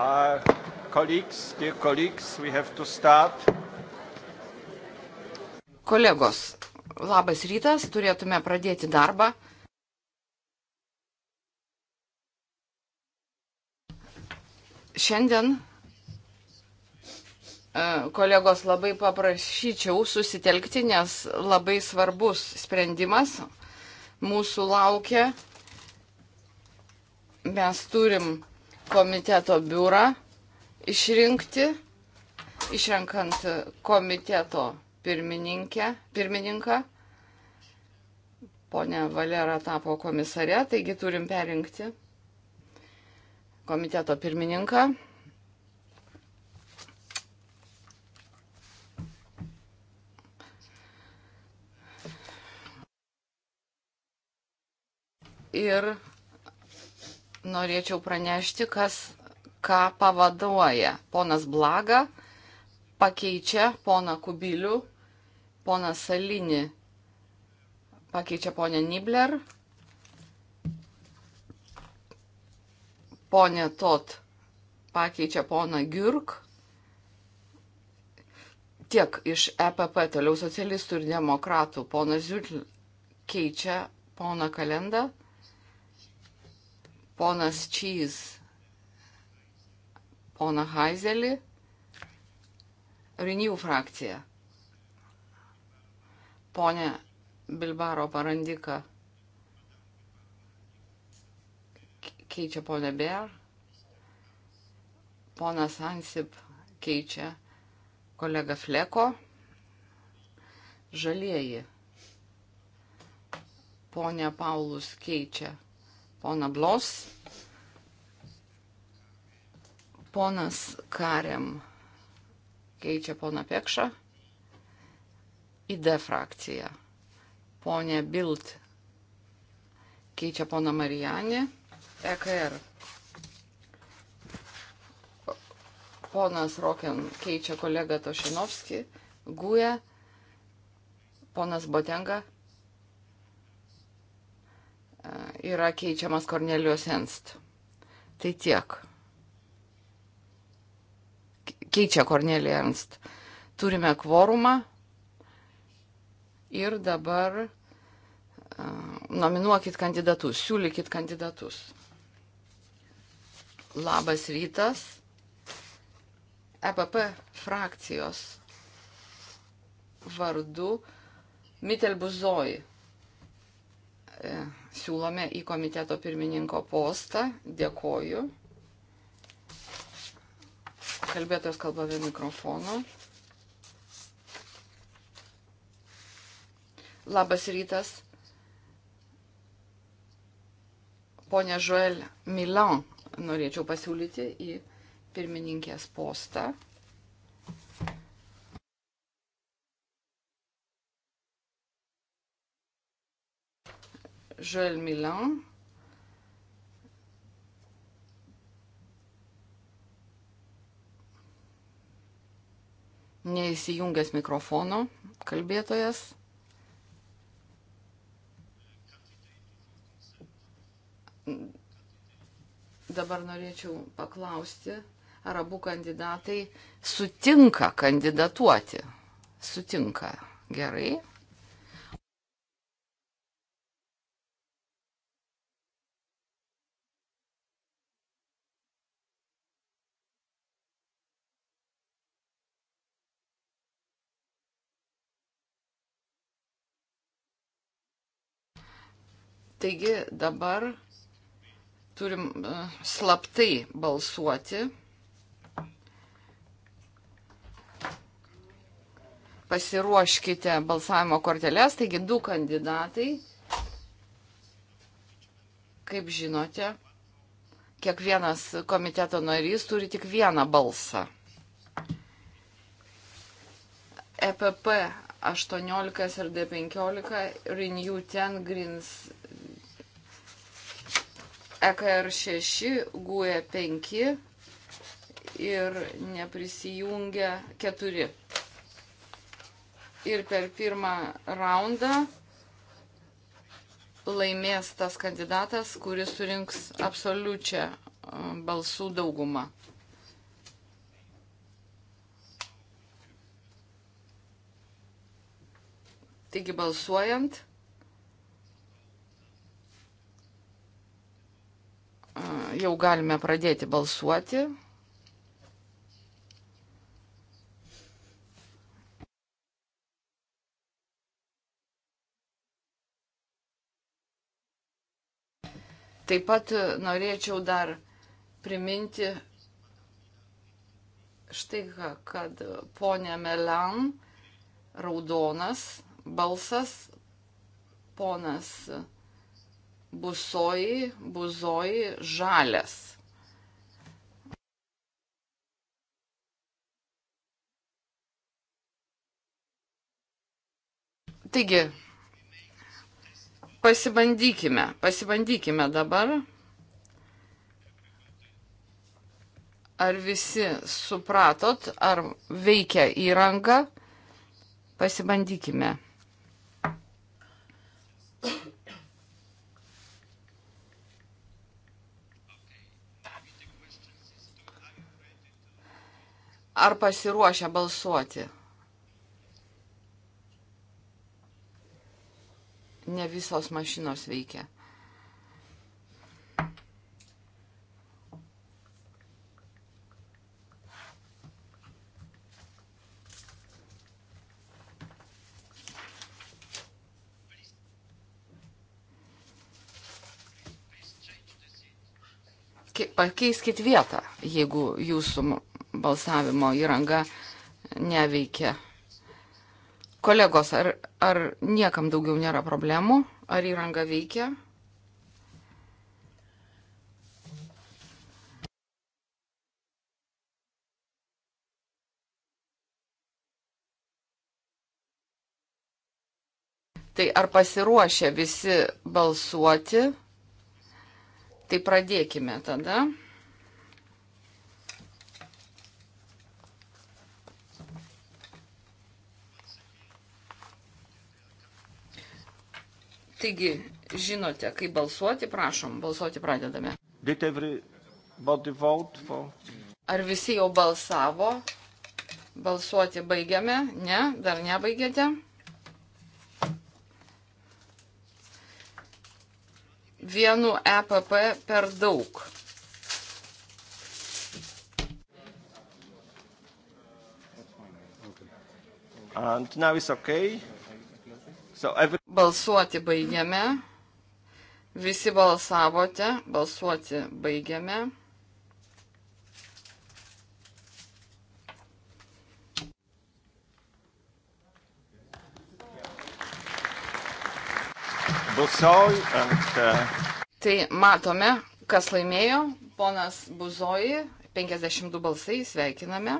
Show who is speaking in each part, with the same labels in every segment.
Speaker 1: Uh, colleagues, dear colleagues, we have to start. Kolegos, labas rytas, turėtume pradėti darbą. Šiandien uh, kolegos labai paprašyčiau susitelkti, nes labai svarbus sprendimas mūsų laukia. Mes turim komiteto biurą išrinkti, išrenkant komiteto pirmininką. Pone Valera tapo komisare, taigi turim perinkti komiteto pirmininką. Ir norėčiau pranešti, kas ką pavaduoja. Ponas Blaga pakeičia poną Kubilių, poną Salinį pakeičia ponę Nibler, ponė Tot pakeičia poną Gürk. Tiek iš EPP, toliau socialistų ir demokratų, ponas Ziutl keičia poną Kalendą ponas Čys, pona Haizelį, Renew frakcija, ponė Bilbaro Parandika keičia ponę Ber, ponas Ansip keičia kolega Fleko, žalieji, ponė Paulus keičia pona Blos, ponas Kariam keičia pona Pekšą į D frakciją, ponė Bild keičia pona Marijanį, EKR. Er. Ponas Rokin keičia kolegą Tošinovskį, Guja, ponas Botenga yra keičiamas Kornelijos Enst. Tai tiek. Keičia Kornelija Enst. Turime kvorumą ir dabar nominuokit kandidatus, siūlykit kandidatus. Labas rytas. EPP frakcijos vardu Mitelbuzoji siūlome į komiteto pirmininko postą. Dėkoju. Kalbėtojas kalba be mikrofono. Labas rytas. Pone Joel Milan norėčiau pasiūlyti į pirmininkės postą. Joël Milin. Neįsijungęs mikrofono kalbėtojas. Dabar norėčiau paklausti, ar abu kandidatai sutinka kandidatuoti. Sutinka. Gerai. Taigi dabar turim e, slaptai balsuoti. Pasiruoškite balsavimo korteles, taigi du kandidatai. Kaip žinote, kiekvienas komiteto narys turi tik vieną balsą. EPP 18 ir D15, Renew 10, Greens EKR 6, GUE 5 ir neprisijungia 4. Ir per pirmą raundą laimės tas kandidatas, kuris surinks absoliučią e, balsų daugumą. Taigi balsuojant, jau galime pradėti balsuoti. Taip pat norėčiau dar priminti štai ką, kad ponė Melan, raudonas balsas, ponas Melan, busoji, buzoji, žalias. Taigi, pasibandykime, pasibandykime dabar, ar visi supratot, ar veikia įranga, pasibandykime. ar pasiruošę balsuoti? Ne visos mašinos veikia. pakeiskit vietą, jeigu jūsų balsavimo įranga neveikia. Kolegos, ar, ar niekam daugiau nėra problemų? Ar įranga veikia? Tai ar pasiruošę visi balsuoti? Tai pradėkime tada. Taigi, žinote, kaip balsuoti, prašom, balsuoti pradedame. Ar visi jau balsavo? Balsuoti baigiame? Ne, dar nebaigėte. Vienu EPP per daug. And now it's okay. Balsuoti baigiame. Visi balsavote. Balsuoti baigiame. Busoji. Uh... Tai matome, kas laimėjo. Ponas Buzoji, 52 balsai, sveikiname.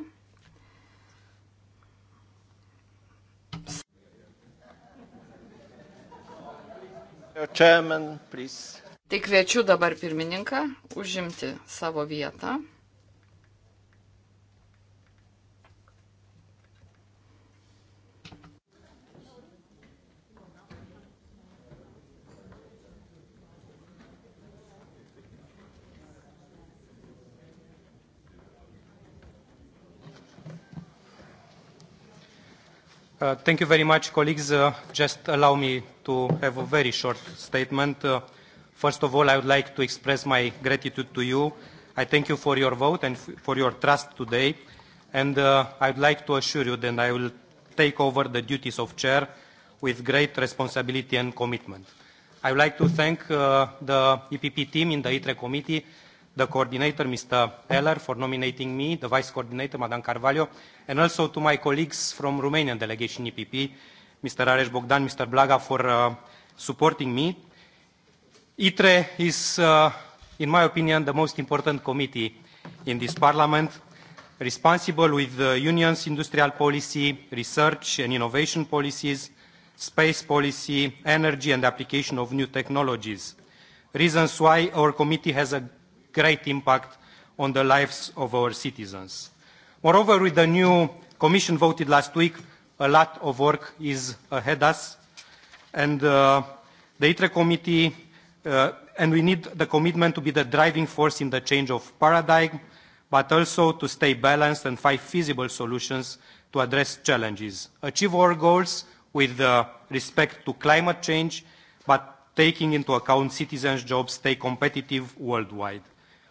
Speaker 1: Chairman, tai kviečiu dabar pirmininką užimti savo vietą.
Speaker 2: Uh, thank you very much, colleagues. Uh, just allow me to have a very short statement. Uh, first of all, I would like to express my gratitude to you. I thank you for your vote and for your trust today. And uh, I would like to assure you that I will take over the duties of chair with great responsibility and commitment. I would like to thank uh, the EPP team in the ITRE committee, the coordinator, Mr. Eller, for nominating me, the vice coordinator, Madame Carvalho, and also to my colleagues from Romanian delegation EPP, Mr. Aresh Bogdan, Mr. Blaga for uh, supporting me. ITRE is, uh, in my opinion, the most important committee in this parliament, responsible with the union's industrial policy, research and innovation policies, space policy, energy and application of new technologies. Reasons why our committee has a great impact on the lives of our citizens. Moreover, with the new Commission voted last week a lot of work is ahead us and uh, the ITRE committee uh, and we need the commitment to be the driving force in the change of paradigm but also to stay balanced and find feasible solutions to address challenges. Achieve our goals with uh, respect to climate change but taking into account citizens' jobs stay competitive worldwide.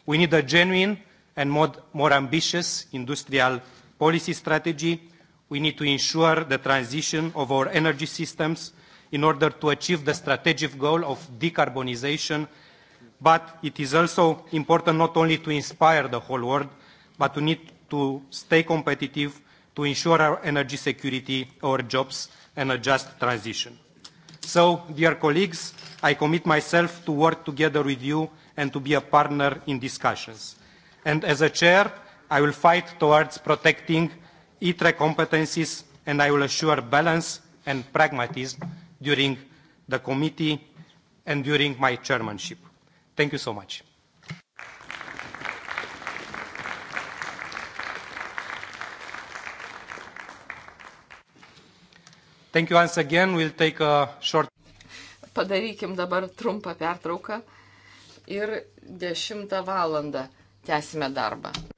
Speaker 2: We need a genuine and more, more ambitious industrial policy strategy we need to ensure the transition of our energy systems in order to achieve the strategic goal of decarbonization, but it is also important not only to inspire the whole world, but we need to stay competitive to ensure our energy security, our jobs, and a just transition. So, dear colleagues, I commit myself to work together with you and to be a partner in discussions. And as a chair, I will fight towards protecting ITRE competencies, and I will assure balance and pragmatism during the committee and during my chairmanship. Thank you so much. Thank you once again. We'll take a short.
Speaker 1: Padarykim dabar trumpą pertrauką ir 10 valandą tęsime darbą.